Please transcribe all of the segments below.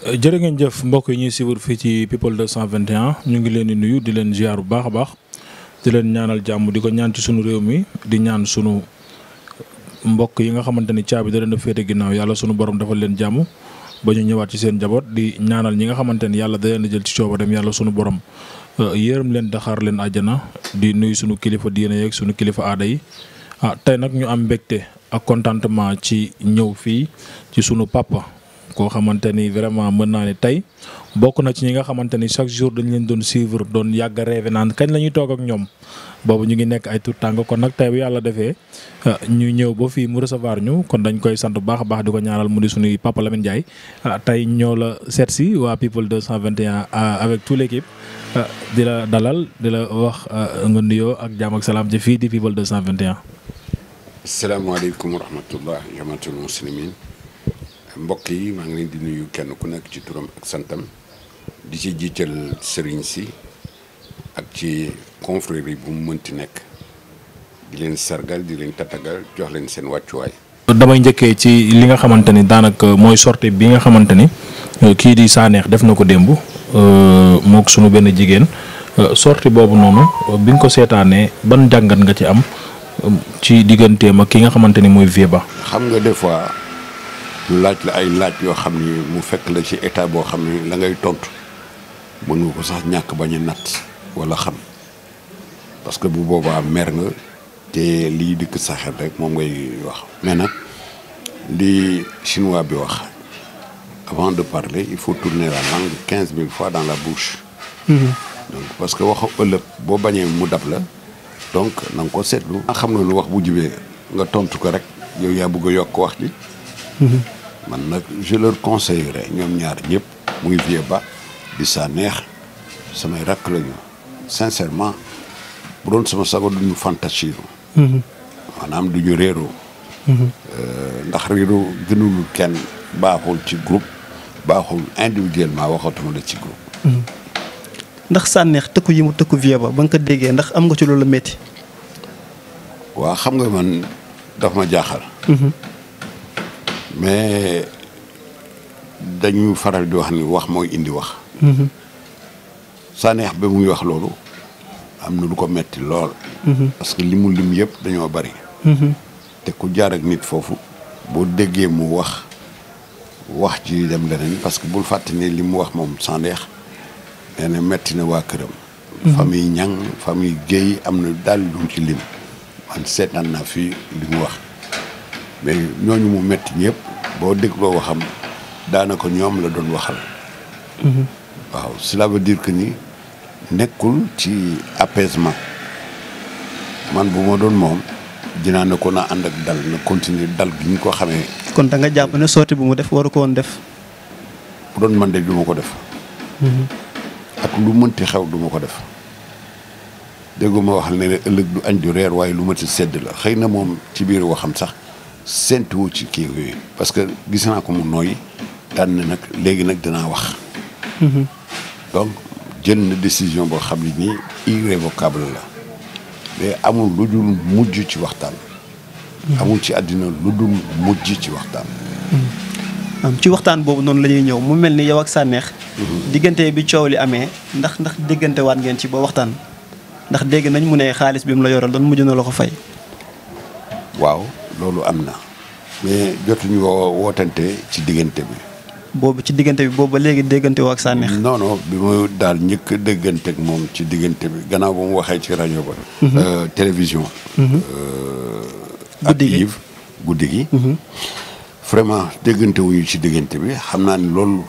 jërë ngeen jëf mbokk yi ñuy suivre fii ci People 221 ñu ngi leen di nuyu di leen ziar bu baax a baax di leen ñaanal jàmm di ko ñaan ci sunu réew mi di ñaan sunu mbokk yi nga xamante ni caabi da leen a féete ginnaaw yàlla sunu borom dafa leen jàmm ba ñu ñëwaat ci seen njaboot di ñaanal ñi nga xamante ni yàlla da leen a jël ci cooba dem yàlla sunu borom euh, yërëm leen daxaar leen àjjana di nuyu sunu kilifa diine yeeg sunu kilifa aada yi ah tey nag ñu am mbégte ak contentement ci ñëw fii ci sunu papa. koo xamante ni vraiment mën naa ne tey bokk na ci ñi nga xamante ni chaque jour dañu leen doon suivre doon yàgg a rêvé naan kañ la ñuy toog ak ñoom boobu ñu ngi nekk ay tout tàng kon nag tey bu yàlla defee ñu ñëw ba fii mu recevoir ñu kon dañ koy sant bu baax a baax di ko ñaanal mu di suñuy Papa Lamine Ndiaye tey ñoo la seet si waa People 221 avec toute l'équipe di la dalal di la wax nga nuyoo ak jaam ak salaam ci fii di People 221. salaamaaleykum wa rahmatullah jamatul muslimin mbokk yi maa ngi leen di nuyu kenn ku nekk ci turam ak santam di ci jiital sëriñ si ak ci confrérie bu mu mënti nekk di leen sargal di leen tatagal jox leen seen wàccuwaay. damay njëkkee ci li nga xamante ni daanaka mooy sortie bi nga xamante ni euh, kii di neex def na ko démb euh, moog sunu benn jigéen euh, sortie boobu noonu bi nga ko seetaanee ban jàngat nga ci am ci digganteem ki nga xamante ni mooy vie Ba. xam nga des fois. ñu laaj la ay laaj yoo xam ni mu fekk la ci état boo xam ni la ngay tontu mën nga ko sax ñàkk bañ natt walla xam parce que bu boobaa mer nga te lii dikk sa rek moom ngay wax mais nag li chinois bi wax avant de parler il faut tourner la langue quinze mille fois dans la bouche mhm. parce que waxu ëllëg boo bañee mu dab la donc na nga ko seetlu nga xam na lu wax bu jibee nga tontu ko rek yow yaa bëgg yokk wax ji mhm. man nag je leur conseillerais ñoom ñaar ñëpp muy Vieux Ba di sa neex samay rakk lañu sincèrement bu doon sama sago duñu fantasir mhm. maanaam duñu réeroo mhm. euh, ndax réeroo gënulu kenn baaxul ci groupe baaxul individuellement waxatuma la ci groupe mhm. ndax sànneex tëkku yi mu tëkku Vieux Ba ba nga ko déggee ndax am nga ci loolu metti waaw xam nga man daf ma jaaxal mais dañu faral di wax ni wax mooy indi wax. Sanekh mhm. ba muy wax loolu am na lu ko metti lool. Mhm. parce que li mu lim yëpp dañoo bari. Mhm. te ku jaar ak nit foofu. boo déggee mu wax wax ci dem leneen parce que bul fàtte ni li mu wax moom Sanekh nee na metti na waa këram. famille ñang famille Guèye am na daal lu ci lim man seetaan naa fii li mu wax. mais ñooñu mu metti ñépp boo dégloo waxam daanaka ñoom la doon waxal. Mhm. waaw cela veut dire que ni nekkul ci apaisement man bu ma doon moom dinaa ne ko na ànd ak dal na continuer dal gi ñu ko xamee. kon da nga jàpp ne sortie bu mu def waru ko woon def. bu doon man de du ma ko def. Mhm. ak lu mënti xew du ma ko def. déggu ma wax ne ëllëg du añ du reer waaye lu ma ci sedd la xëy na moom ci biiru waxam sax. séntuwu ci kii yooyu parce que gis naa ko mu nooy daan na nag léegi nag dinaa wax. Mhm. donc jën na décision boo xam ne nii irrévocable la mais amul lu dul mujj ci waxtaan. Mhm. amul ci àddina lu dul mujj ci waxtaan. Mhm. ci waxtaan boobu noonu lañuy ñëw mu mel ni yow ak Sanekh. diggante bi coow li amee ndax ndax diggante waat ngeen ci ba waxtaan ndax dégg nañ mu ne xaalis bi mu la yoral doon mujj na la ko fay. waaw. loolu am na mais jotuñu woo wootante ci diggante bi. boobu ci diggante bi boobu ba léegi déggante woo ak Sanekh. non non bi ma daal njëkk a déggante moom ci diggante bi gannaaw ba mu waxee ci rajo ba. Mhm. Euh, télévision. ak mhm. Yves euh, guddi gi. Mhm. vraiment déggante wuñu ci diggante bi xam naa ni loolu.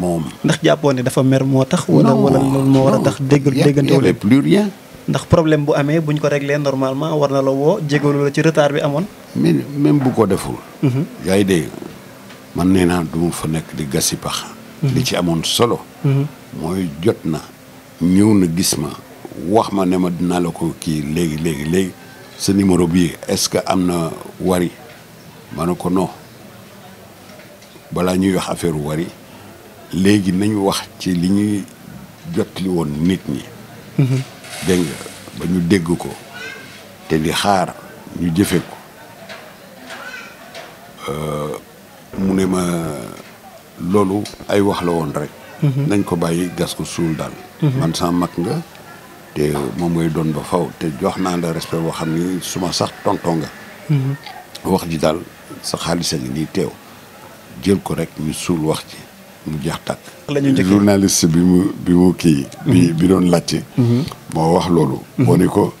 moom ndax jàppoon ne dafa mer moo tax. wala wala loolu moo war a tax dégg déggante ndax problème bu amee buñ ko réglé normalement war na la woo jégalu la ci retard bi amoon. même même bu ko deful. Mhm. yaa ngi dégg man nee naa du fa nekk di gasi pax. Mhm. li ci amoon solo. Mhm. mooy jot na ñëw na gis ma wax ma ne ma dinaa la ko kii léegi léegi léegi sa numéro bii est-ce que am na wari ma ne ko non balaa ñuy wax affaire wari léegi nañu wax ci li ñuy jotli woon nit ñi. dégg nga ba ñu dégg ko te di xaar ñu jëfe ko euh, mu ne ma loolu ay wax la woon rek mhm. nañ ko bàyyi gas ko suul daal mhm. man sama mag nga te moom ngay doon ba faw te jox naa la respect boo xam ni suma sax tonto nga mhm. wax ji daal sa xaalisa a ngi nii teew jël ko rek ñu suul wax ji mu jeex tàkk journaliste bi mu bi mu kii bi mhm. doon laajte mhm. moo wax loolu mhm. moo ni ko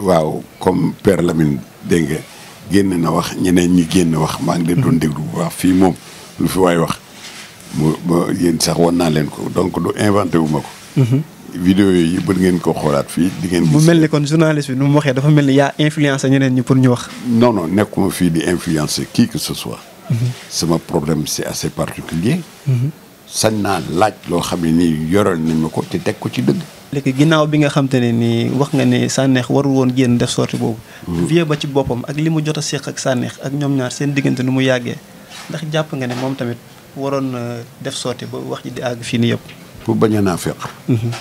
waaw comme Père Lamine dégg nga génn na wax ñeneen ñi génn wax maa ngi leen doon déglu bu fii moom lu fi waay wax mu ma yéen sax naa leen ko donc du inventé wu ko vidéo yi bëgg ngeen ko xoolaat fii di ngeen mu mel ni kon journaliste bi nu mu waxee dafa mel ni yaa influencé ñeneen ñi pour ñu wax non non nekkuma fii di influencé qui que ce soit sama problème c'est assez particulier sañ naa laaj loo xam ne nii yoral nañ ma ko te teg ko ci dëgg. léegi ginnaaw bi nga xam te ne nii wax nga ne sànneex warul woon génn def sorti boobu. Mm-hmm. vie ba ci boppam ak li mu jot a séq ak sànneex ak ñoom ñaar seen diggante nu mu yàggee ndax jàpp nga ne moom tamit waroon def sorti ba wax ji di àgg fii nii yëpp. pour bañ a naa feq mm-hmm.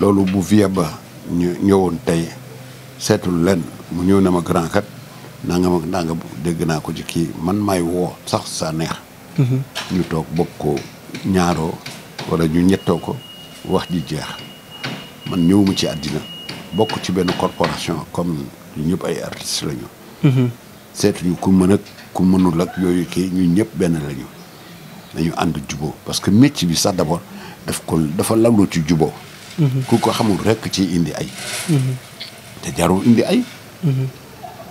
loolu bu vie ba ñu ñëwoon tey seetul lenn mu ñëw na ma grand kat. nangam ak nangam dégg naa ko ci kii man may woo sax sa neex. Mhm. ñu toog bokk ko ñaaroo wala ñu ñettoo ko wax ji jeex man ñëwuma ci àddina bokk ci benn corporation comme ñëpp ay artistes lañu. Mhm. seetuñu ku mën ku mënul ak yooyu kii ñu ñëpp benn lañu dañu ànd juboo parce que métier bi sax d'abord daf ko dafa lallu ci juboo mhm. ku ko xamul rekk ci indi ay. te jarul indi ay.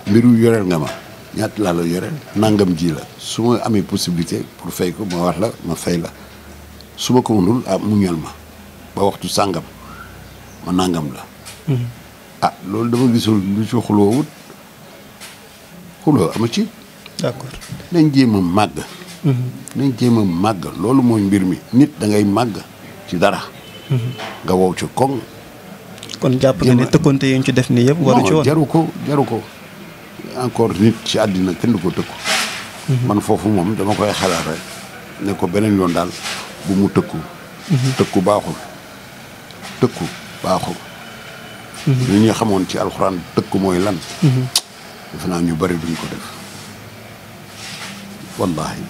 mbiru yoreel nga ma ñaata laa la yoreel nangam ji la su ma amee possibilité pour fay ko ma wax la ma fay la su ma ko ah, mu ñal ma ba sàngam ma nangam la. Mm-hmm. Ah, loolu dama gisul lu ci xuloo ci. d'accord nañ jéem màgg. Mm-hmm. nañ jéem a màgg loolu mooy mbir mi nit dangay màgg ci dara. Mm-hmm. nga wow ci koŋ. kon jàpp nga ne tëkkonte yi ci def nii yëpp. waru ci woon jaru ko jaru ko. encore nit ci àddina kenn du ko tëkku mhm. man foofu moom dama koy xalaat rek ne ko beneen yoon daal bu mu tëkku mhm. tëkku baaxul tëkku baaxul mhm. li ñu xamoon ci alxuraan tëkku mooy lan defe naa ñu bari duñ ko def wallahi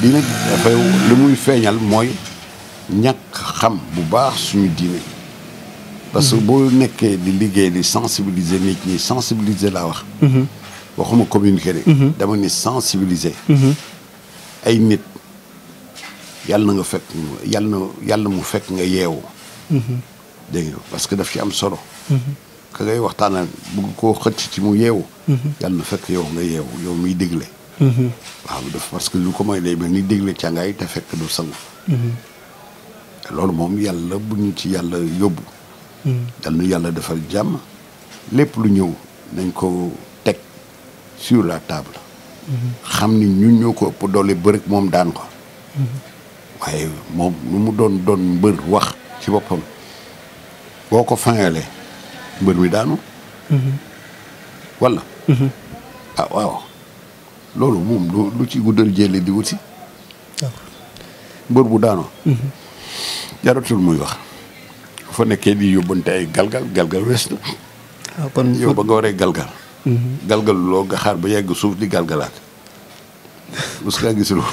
diine dafay li muy feeñal mooy ñàkk xam bu baax suñu diine parce que boo nekkee di liggéey di sensibiliser nit ñi sensibiliser laa wax. Mhm. waxuma communiquer de. Mhm. dama ni sensibiliser. Mhm. ay nit yàlla na nga fekk yàlla mu fekk nga yeewu. dégg parce que daf ci am solo. ka waxtaan waxtaanal bëgg koo xëcc ci mu yeewu. yàlla na fekk yow nga yeewu yow miy digle. waaw parce que lu ko may day mel ni digle càngaay te fekk du sangu. loolu moom yàlla bu ñu ci yàlla yóbbu. dal nu yàlla defal jàmm lépp lu ñëw nañ ko teg sur la table xam ni ñun ñoo ko ëpp doole bërëg moom daan ko waaye moom lu mu doon doon mbër wax ci boppam boo ko fangale mbër mi daanu wala ah waaw loolu moom lu ci guddal jële di wuti mbër bu daanoo mhm. jaratul muy wax fa nekkee di yóbbante ay galgal galgal ah, kon yow ba nga waree galgal. Mhm. galgal xaar ba yegg suuf di galgalaat mos ngaa gis loolu.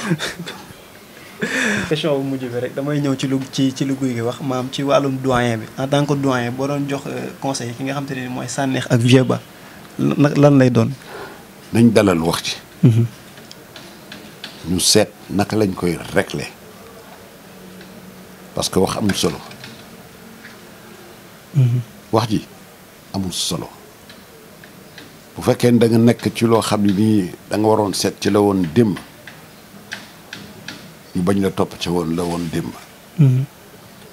question bu mujj bi rek damay ñëw ci lu ci ci lu guy gi wax maam ci wàllum doyen bi en tant que doyen boo doon jox euh, conseil ki nga xam te ne mooy sànneex ak vieux ba lan lay doon. nañ dalal wax ci. Mhm. ñu seet naka lañ koy régler parce que wax amul solo. wax ji amul solo bu fekkee ne danga nekk ci loo xam ni danga waroon seet ci la woon démb ñu bañ la topp ci woon la woon démb.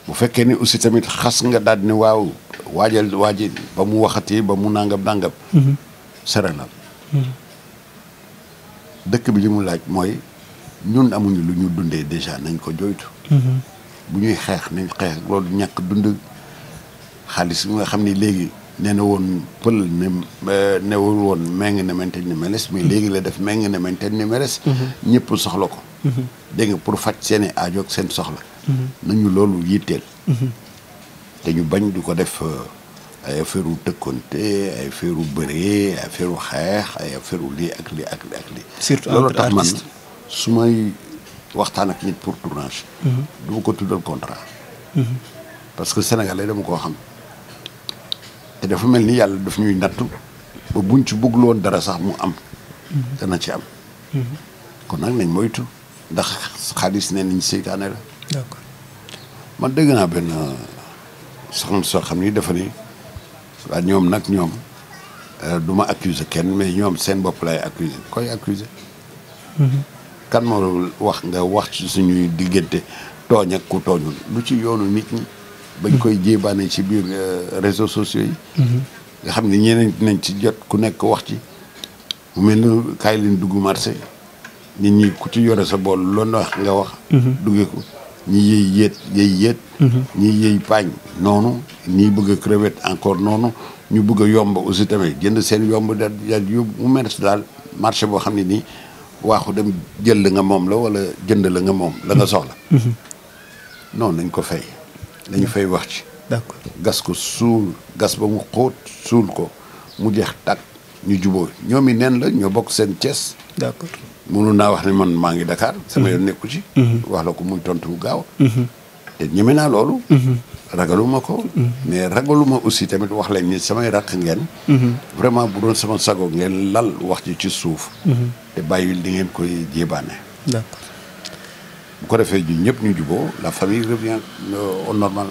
bu fekkee ni aussi tamit xas nga daal ni waaw waajal waaji ba mu waxati ba mu nàngam nangam. serenal dëkk bi li mu laaj mooy ñun amuñu lu ñu dundee déjà nañ ko joytu bu ñuy xeex nañ xeex loolu ñàkk dund. xaalis nga xam ni léegi nee na woon pël eh, ne newul woon méng na mainten numéres mais léegi la def méng na mainten numéres ñëpp soxla ko dégg nga pour faj seen i seen soxla nañu loolu yitteel te ñu bañ du ko def eh, ay affaireu tëkkonte ay affaireu bëree ay affaireu xeex ay affaireu lii ak lii ak lii ak lii loolu tax man su may waxtaan ak nit pour tournage du ma ko tuddal contrat mhm. parce que sénégalais dama koo xam te dafa mel ni yàlla daf ñuy nattu ba buñ ci bugg loon dara sax mu am mm-hmm. dana ci am mm-hmm. kon nag nañ moytu ndax xaalis ne nañ seytaane la d'accord man dégg naa benn euh, soxna soo xam ni dafa ni waa ñoom nag ñoom euh, du ma accuser kenn mais ñoom seen bopp lay koy accuser mm-hmm. kan moo wax nga wax ci suñuy diggante tooñ ak ku tooñul lu ci yoonu nit ñi bañ koy jéebaane ci biir euh, réseaux sociaux yi mm-hmm. nga xam ne ñeneen nañ ci jot ku nekk wax ci mu mel ni kaay leen dugg marché nit ñi ku ci yore sa bool loolu wax nga wax mm-hmm. duggee ko ñi yëy yéet yëy yéet mm-hmm. ñi yëy paañ noonu ñi bugg a encore noonu ñu bugg a yomb aussi tamit jënd seen yomb da daal yóbbu mu mel daal marché boo xam ne nii waaxu dem jël la nga moom la walla jënd la nga moom la nga soxla non nañ ko fay la ñu fay wax ci. d'accord gas ko suul gas ba mu xóot suul ko mu jeex tàkk ñu jubóo ñoom i neen la ñoo bokk seen Cees. d'accord mënu naa wax ne man maa ngi Dakar. sama yoon nekku ci. Mhm. wax la ko muy tontu bu gaaw. Mhm. te ñeme naa loolu. Mhm. ragaluma ko. mais ragaluma aussi tamit wax leen ni samay raq ngeen. vraiment bu doon sama sago ngeen lal wax ji ci suuf. te bàyyi li ngeen koy jébaane. bu ko defee ñun ñëpp ñu juboo la famille revient euh, au normal